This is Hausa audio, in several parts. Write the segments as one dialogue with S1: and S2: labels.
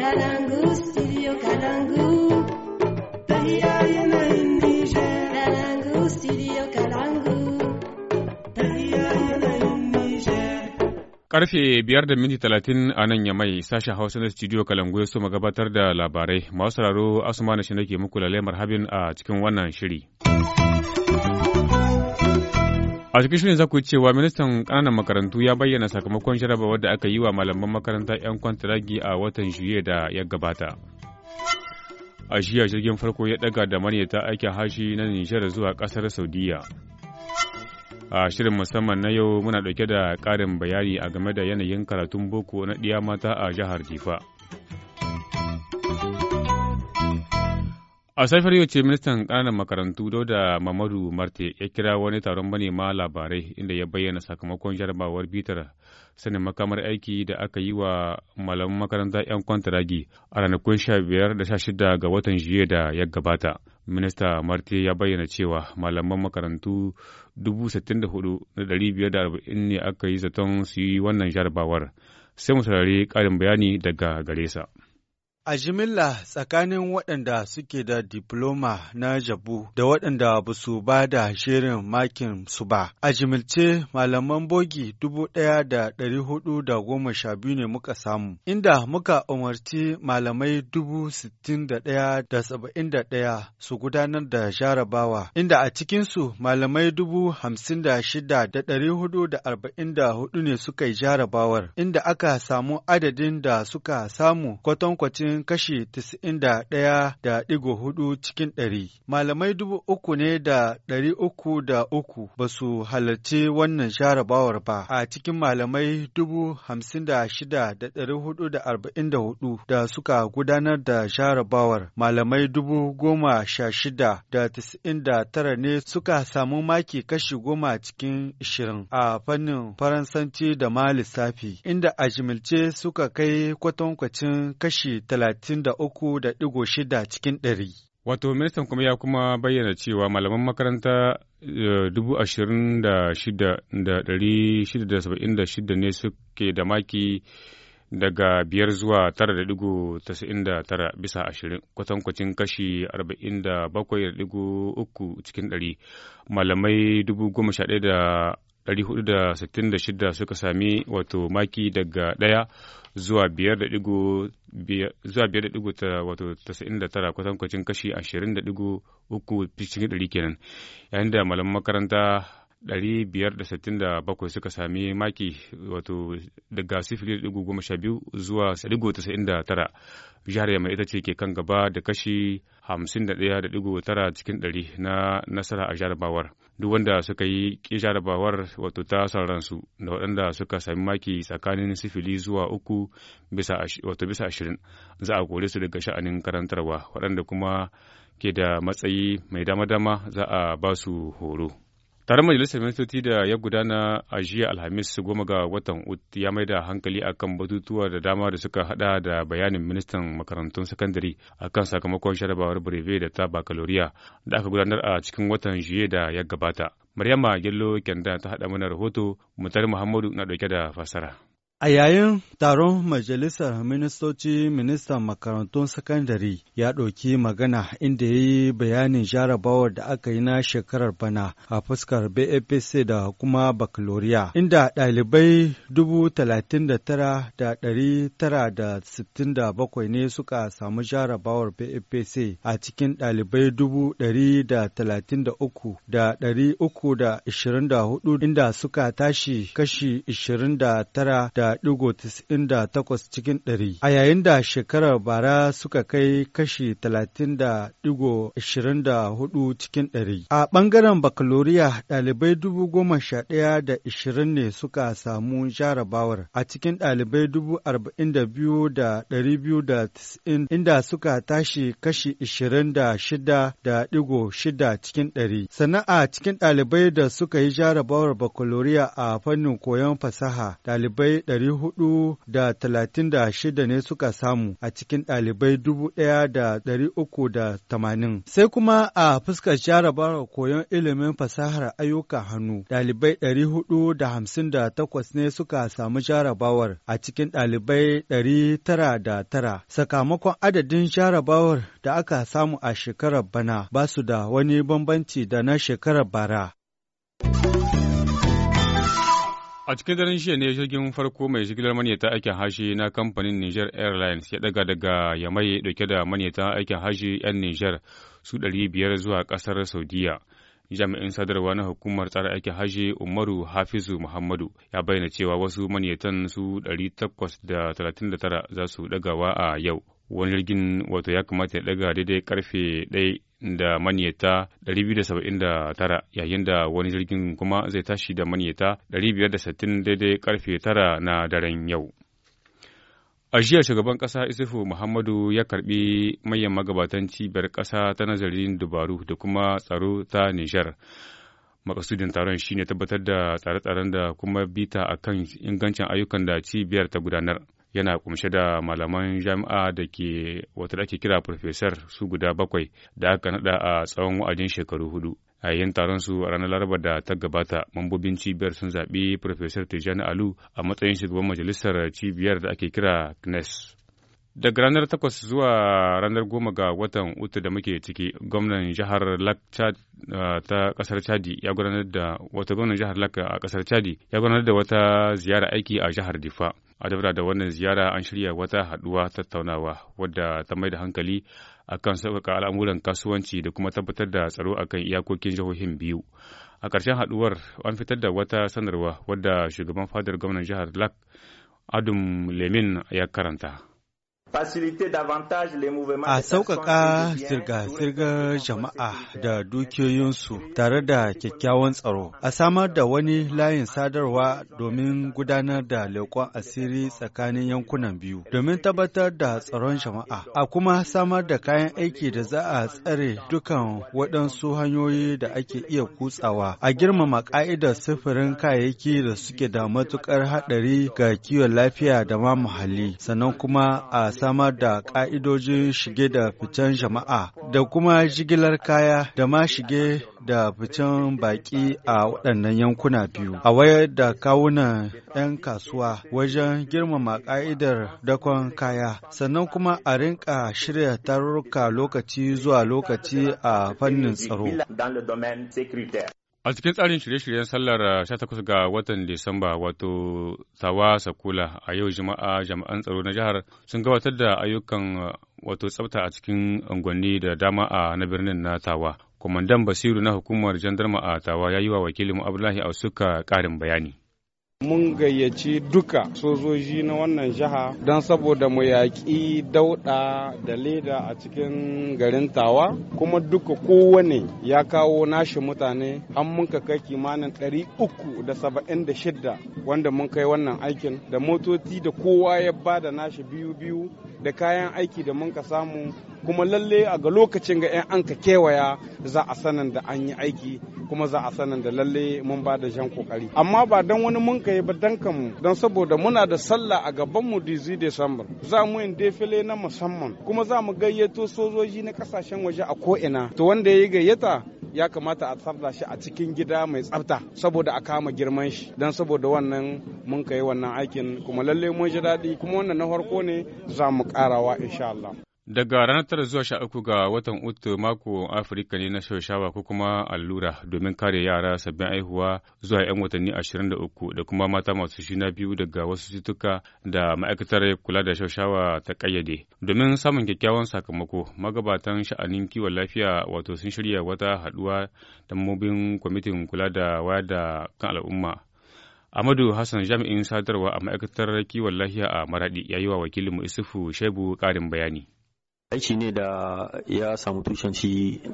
S1: studio
S2: Karfe biyar da minti talatin a nan ya mai sashen Hausa na studio Kalangu ya so gabatar da labarai. Masu sauraro Asuma na shi nake muku lalai marhabin a cikin wannan shiri. A cikin shirin za ku cewa ministan ƙananan makarantu ya bayyana sakamakon jarabawar da aka yi wa malaman makaranta 'yan kwantaragi a watan Juye da ya gabata. A jiya jirgin farko ya ɗaga da ta aikin hashi na Nijar zuwa ƙasar Saudiya. A shirin musamman na yau muna ɗauke da ƙarin bayani a game da yanayin karatun boko na ɗiya mata a jihar Jifa. A safiyar yau ce ministan ƙananan makarantu Dauda Mamadu Marte ya kira wani taron manema labarai inda ya bayyana sakamakon jarabawar bitar sanin makamar aiki da aka yi wa malaman makaranta 'yan kwantaragi a ranakun 15 da 16 ga watan Juye da ya gabata. Minista Marte ya bayyana cewa malaman makarantu 64,540 ne aka yi zaton su yi wannan jarabawar. Sai mu saurari bayani daga gare
S1: A jimilla tsakanin waɗanda suke da diploma na jabu da waɗanda ba su ba da shirin makin su ba, a jimilce malaman bogi dubu ɗaya da ɗari hudu da goma sha biyu ne muka samu, inda muka umarci malamai dubu sittin da ɗaya da saba'in da ɗaya su gudanar da jarabawa, inda a cikinsu malamai dubu hamsin da shida da ɗari hudu da arba'in da hudu ne suka yi jarabawar, inda aka samu adadin da suka samu kwatankwacin cikin kashi 91.4 cikin 100. Malamai dubu uku ne da ɗari uku da uku ba su halarci wannan jarabawar ba a cikin malamai dubu hamsin da shida da ɗari hudu da arba'in da hudu da suka gudanar da jarabawar malamai dubu goma sha shida da tis'in da tara ne suka samu maki kashi goma cikin ishirin a fannin faransanci da ma lissafi inda a jimilce suka kai kwatankwacin kashi talatin talatin da uku da ɗigo shida cikin ɗari.
S2: Wato ministan kuma ya kuma bayyana cewa malaman makaranta eh, dubu ashirin da shida da ɗari shida da saba'in da shida ne suke da maki daga biyar zuwa tara da digo tasa'in da tara bisa ashirin kwatankwacin kashi arba'in da bakwai da digo uku cikin ɗari malamai dubu goma sha ɗaya da 466 suka sami wato maki daga ɗaya zuwa biyar da da ta wato tara kwatankwacin kashi uku cikin ɗari kenan yayin da malam makaranta 567 suka sami maki wato daga sifili da biyu zuwa tara jihar yamma ita ce ke kan gaba da kashi tara cikin ɗari na nasara a jarabawar. duk wanda suka yi jarabawar wato ta sauransu da waɗanda suka sami maki tsakanin sifili zuwa uku wato bisa ashirin za a kore su daga sha'anin karantarwa waɗanda kuma ke da matsayi mai dama-dama za a ba su horo. Taron Majalisar Ministoci da ya gudana a jiya Alhamis goma ga watan Ut ya mai da hankali akan batutuwa da dama da suka hada da bayanin ministan makarantun sakandare akan sakamakon sharabawar breve da ta bakaloriya da aka gudanar a cikin watan jiye da ya gabata. Maryama Gello Kenda ta hada mana rahoto, Mutar Muhammadu na dauke da fasara.
S1: A yayin taron Majalisar Ministoci, Ministan Makarantun Sakandare ya ɗauki magana inda ya yi bayanin jarabawar da aka yi na shekarar bana a fuskar BAPC da kuma bakaloriya, inda ɗalibai dubu talatin da bakwai ne suka samu jarabawar BAPC a cikin ɗalibai dubu uku da inda suka tashi kashi ishirin da da cikin 100 a yayin da shekarar bara suka kai kashi talatin da da hudu cikin 100 A bangaren bakaloriya dalibai dubu goma da ne suka samu jarabawar a cikin dalibai dubu arba'in da biyu da biyu da inda suka tashi kashi 26.6 da shida da shida cikin 100 sana'a a cikin dalibai da suka yi jarabawar bakaloriya a fannin koyon fasaha dalibai 400 da shida ne suka samu a cikin ɗalibai tamanin, Sai kuma a fuskar jarabawar koyon ilimin fasahar ayyuka hannu, ɗalibai takwas ne suka samu jarabawar a cikin ɗalibai tara, Sakamakon adadin jarabawar da aka samu a shekarar bana ba su da wani bambanci da na shekarar bara.
S2: A cikin daren jiya ne jirgin farko mai jigilar manyata aikin hashi na kamfanin Niger Airlines ya daga daga Yamai dauke da manyata aikin hashi 'yan Niger su 500 zuwa kasar Saudiya. Jami'in sadarwa na hukumar tsara aikin hashi Umaru Hafizu Muhammadu ya bayyana cewa wasu manyatan su 839 za su dagawa a yau. Wani jirgin wato ya kamata ya daga daidai karfe 1 da manyata 279 yayin da wani jirgin kuma zai tashi da manyata 560 daidai karfe 9 na daren yau. A jiya shugaban ƙasa Isufu Muhammadu ya karbi manyan magabatan cibiyar ƙasa ta nazarin dubaru da kuma tsaro ta Nijar. Makasudin taron shine tabbatar da tsare-tsaren da kuma bita akan ingancin ayyukan da cibiyar ta gudanar. yana kumshe da malaman jami'a da ke wata da ake kira profesor su guda bakwai da aka nada a tsawon wa'adin shekaru hudu a yayin taron su a ranar laraba da ta gabata mambobin cibiyar sun zaɓi profesor tijjani alu a matsayin shugaban majalisar cibiyar da ake kira knes daga ranar takwas zuwa ranar goma ga watan uku da muke ciki gwamnan jihar lak ta kasar chadi ya gudanar da wata gwamnan jihar lak a kasar chadi ya gudanar da wata ziyara aiki a jihar difa a dabara da wannan ziyara an shirya wata haɗuwa tattaunawa wadda ta mai da hankali akan sauƙaƙa al'amuran kasuwanci da kuma tabbatar da tsaro akan iyakokin jihohin biyu a ƙarshen haɗuwar an fitar da wata sanarwa wadda shugaban fadar gwamnan jihar lak adum lemin ya karanta
S3: A sauƙaƙa zirga
S1: sirgar jama'a da dukiyoyinsu tare da kyakkyawan tsaro, a samar da wani layin sadarwa domin gudanar da leƙon asiri tsakanin yankunan biyu, domin tabbatar da tsaron jama'a, a kuma samar da kayan aiki da za a tsare dukan waɗansu hanyoyi da ake iya kutsawa, a girmama ƙa'idar sufurin kayayyaki da suke da matuƙar haɗari ga kiwon lafiya da ma muhalli, sannan kuma a samar da ƙa'idojin shige da ficen jama'a da kuma jigilar kaya da ma shige da ficen baƙi a waɗannan yankuna biyu a wayar da kawunan 'yan kasuwa wajen girmama ƙa'idar dakon kaya sannan kuma a rinka shirya tarurruka lokaci zuwa lokaci
S3: a fannin tsaro
S2: A cikin tsarin shirye-shiryen sallar 18 uh, ga watan Disamba wato Sawa Sakula a yau Juma'a jami'an tsaro na jihar sun gabatar da ayyukan uh, wato tsabta a cikin unguwanni da dama a na birnin na Tawa. Kwamandan Basiru na hukumar jandarma a Tawa ya yi wa wakilin Abdullahi Ausuka ƙarin bayani.
S4: Mun gayyaci duka sojoji na wannan jiha don saboda mu yaƙi dauɗa da leda a cikin garin tawa kuma duka kowane ya kawo nashi mutane an ka kai kimanin 376 wanda mun kai wannan aikin da motoci da kowa ya bada nashi biyu biyu da kayan aiki da mun ka samu kuma lalle a ga lokacin ga 'yan an ka kewaya za a sanin da an yi aiki kuma za a sanin da lalle mun ba da jan kokari amma ba dan wani mun kai ba dan kanmu don saboda muna da sallah a gaban mu dizi December za mu yin defile na musamman kuma za mu gayyato sojoji na kasashen waje a ko ina to wanda ya yi gayyata ya kamata a tsarda shi a cikin gida mai tsafta saboda a kama girman shi don saboda wannan mun kai wannan aikin kuma lalle mun ji daɗi kuma wannan na farko ne za mu ƙarawa insha Allah
S2: Daga ranar tara zuwa sha uku ga watan Utu mako Afirka ne na shaushawa ko kuma allura domin kare yara sabbin aihuwa zuwa 'yan watanni ashirin da kuma mata masu shina biyu daga wasu cutuka da ma'aikatar kula da shaushawa ta kayyade Domin samun kyakkyawan sakamako, magabatan sha'anin kiwon lafiya wato sun shirya wata haɗuwa da kwamitin kula da wayar da kan al'umma. Amadu Hassan jami'in sadarwa a ma'aikatar kiwon lafiya a maraɗi ya yi wa wakilinmu Isufu Shebu ƙarin bayani.
S3: aiki ne da ya samu tushen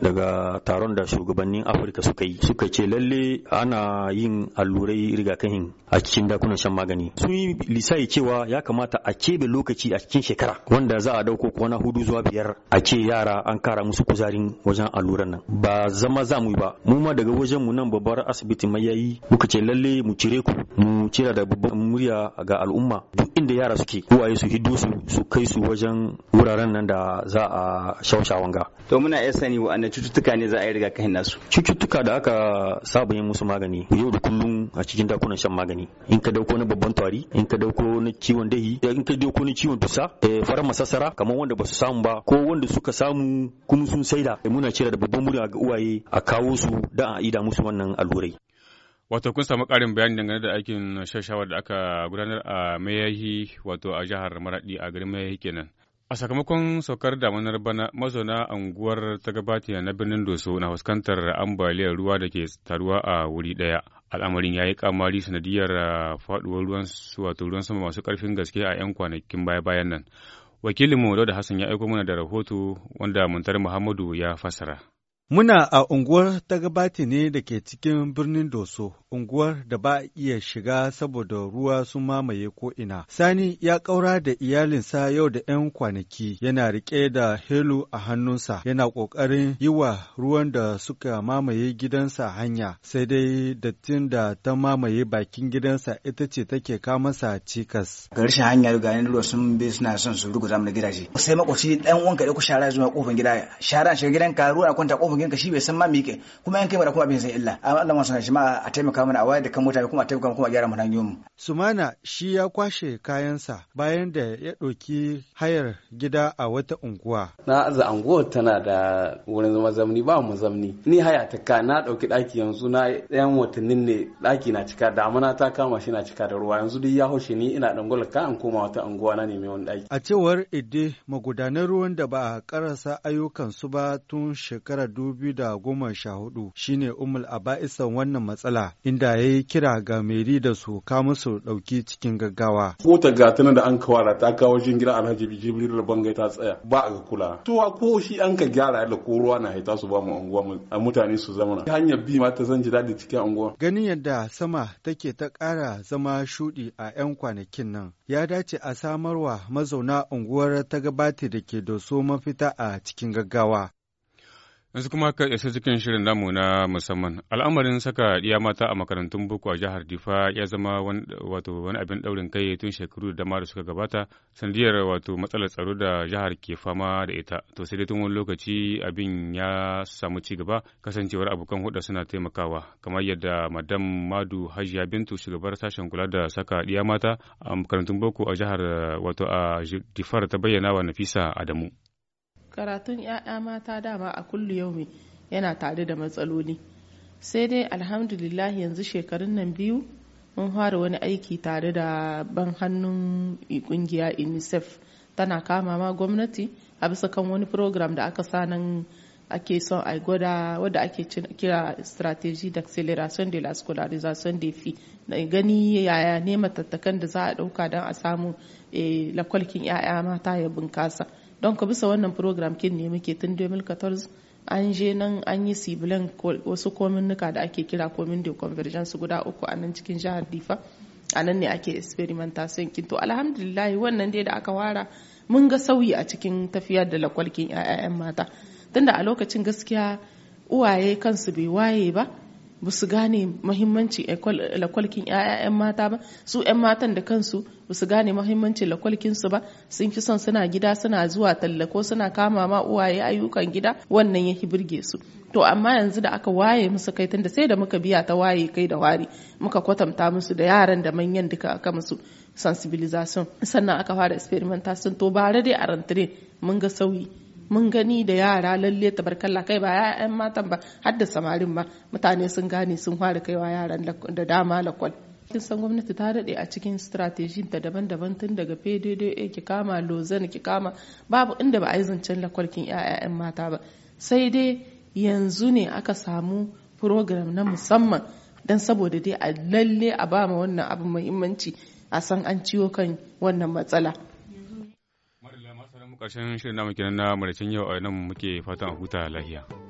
S3: daga taron da shugabannin afirka suka yi suka ce lalle ana yin allurai rigakafin a cikin dakunan shan magani sun yi ya cewa ya kamata a kebe lokaci a cikin shekara wanda za a dauko na hudu zuwa biyar a ce yara an kara musu kuzarin wajen alluran nan ba zama za mu yi ba mu ma daga wajen mu nan babbar asibiti mai yayi muka ce lalle mu cire ku mu mu da babban murya ga al'umma duk inda yara suke uwaye su hiddo su su kai su wajen wuraren nan da za a shawshawan ga to muna iya sani wa'annan cututtuka ne za a yi rigakafin nasu cututtuka da aka saba yin musu magani yau da kullum a cikin dakunan shan magani in ka dauko na babban tari in ka dauko na ciwon dahi in ka dauko na ciwon dusa eh, farar masassara kamar wanda ba su samu ba ko wanda suka samu kuma sun saida muna cira da babban murya ga uwaye a kawo su da a ida musu wannan allurai
S2: Wato kun samu ƙarin bayani dangane da aikin shashawa da aka gudanar a Mayahi wato a jihar Maradi a garin Mayahi kenan. A sakamakon saukar damanar bana mazauna anguwar ta gabatiya na birnin Doso na fuskantar ambaliyar ruwa da ke taruwa a wuri daya Al'amarin ya yi kamari sanadiyar ah, faɗuwar ruwan wato ruwan sama masu karfin gaske a 'yan kwanakin baya-bayan nan. Wakilinmu da Hassan ya aiko mana da rahoto wanda Muntar Muhammadu ya fassara.
S1: Muna a unguwar ta gabati ne da ke cikin birnin Doso, unguwar da ba a iya shiga saboda ruwa sun mamaye ko'ina. Sani ya ƙaura da iyalinsa yau da ‘yan kwanaki, yana riƙe da helu a hannunsa, yana ƙoƙarin yi wa ruwan da suka mamaye gidansa hanya, sai dai dattin da ta mamaye bakin gidansa ita ce take kamasa cikas.
S3: Ga ruwa kwanta bugen ka shi bai san ma mike kuma yan kai mara kuma bin sai illa Allah ma shi ma a taimaka mana a wayar da kan mutane kuma a taimaka kuma a gyara mana hanyoyin mu
S1: Sumana shi ya kwashe kayansa bayan da ya ɗauki hayar gida a wata unguwa
S4: na aza unguwar tana da wurin zama zamni ba mu zamni ni haya ta ka na ɗauki ɗaki yanzu na yan watannin ne ɗaki na cika damuna ta kama shi na cika da ruwa yanzu duk ya haushe ni ina ɗan ka an koma wata unguwa na nemi wani ɗaki
S1: a cewar idde magudanar ruwan da ba a karasa ayyukansu ba tun shekarar 2014 shine umul aba'isan wannan matsala inda ya yi kira ga meri da su kamu su ɗauki cikin gaggawa.
S4: ta gatanar da an kawara ta kawo shi gida Alhaji Jibril da Bangai ta tsaya ba a ga kula. To a ko shi an ka gyara da ko ruwa na haita su ba mu unguwa a mutane su zama. Ta Hanyar bi ma ta zan ji daɗi cikin unguwa.
S1: Ganin yadda sama take ta ƙara zama shuɗi a 'yan kwanakin nan ya dace a samarwa mazauna unguwar ta gabati da ke da su mafita a cikin gaggawa.
S2: yanzu kuma ka isa cikin shirin namu na musamman al'amarin saka iya mata a makarantun boko a jihar difa ya zama wato wani abin daurin kai tun shekaru da dama da suka gabata sandiyar wato matsalar tsaro da jihar ke fama da ita to sai dai tun wani lokaci abin ya samu ci gaba kasancewar abokan hudu suna taimakawa kamar yadda madam madu hajiya bintu shugabar sashen kula da saka iya mata a makarantun boko a jihar wato a difar ta bayyana wa nafisa adamu.
S5: karatun 'ya'ya mata dama a kullu yaumi yana tare da matsaloli sai dai alhamdulillah yanzu shekarun nan biyu mun fara wani aiki tare da ban hannun kungiya unicef tana kama ma gwamnati a bisa kan wani program da aka sa nan ake son a gwada wadda ake kira strategy da acceleration de la scolarization de fi na gani yaya ne matattakan da za a dauka don a samu eh, lakwalkin 'ya'ya mata ya bunkasa don ka bisa wannan program kin ne muke tun 2014 an je nan an yi sibilan wasu kominnuka da ake kira komin de convergence guda uku a nan cikin jihar difa a nan ne ake experimentation kin to alhamdulillah wannan dai da aka wara mun ga sauyi a cikin tafiyar da lakwalkin 'ya'yan mata tunda a lokacin gaskiya uwaye kansu bai waye ba ba su gane mahimmanci lakwalkin 'ya'yan mata ba su 'yan matan da kansu ba su gane mahimmanci lakwalkin su ba sun fi son suna gida suna zuwa talla ko suna kama ma uwaye ayyukan gida wannan ya birge su to amma yanzu da aka waye musu kai tunda sai da muka biya ta waye kai da wari muka kwatanta musu da yaran da manyan duka aka musu sensibilization sannan aka fara experimentation to bare dai a rantare mun ga sauyi mun gani da yara lalle tabarkalla kai ba 'ya'yan matan ba har da samarin ba mutane sun gane sun fara kaiwa yaran da dama lakwal kin san gwamnati ta daɗe a cikin strategin ta daban-daban tun daga PDDA ki kama Lozan ki kama babu inda ba a yi zancen lakwalkin 'ya'yan mata ba sai dai yanzu ne aka samu program na musamman don saboda dai a lalle a ba ma wannan abin muhimmanci a san an ciwo kan wannan matsala
S2: mu karshen shirin namu kenan na maricin yau a nan muke fatan a huta lahiya.